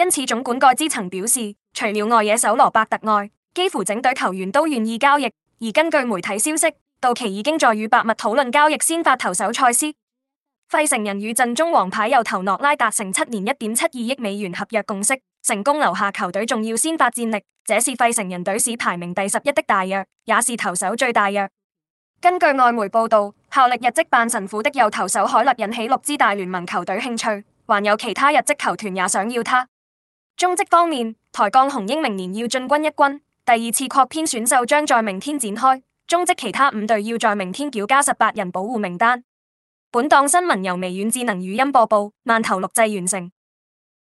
因此，總管蓋茲曾表示，除了外野手羅伯特外，幾乎整隊球員都願意交易。而根據媒體消息，道奇已經在與白襪討論交易先發投手賽斯。費城人與陣中王牌右投諾拉達成七年一點七二億美元合約共識，成功留下球隊重要先發戰力。這是費城人隊史排名第十一的大約，也是投手最大約。根據外媒報道，效力日職阪神虎的右投手海勒引起六支大聯盟球隊興趣，還有其他日職球團也想要他。中職方面，台鋼雄鷹明年要進軍一軍，第二次擴編選秀將在明天展開。中職其他五隊要在明天繳加十八人保護名單。本檔新聞由微軟智能語音播報，慢頭錄製完成。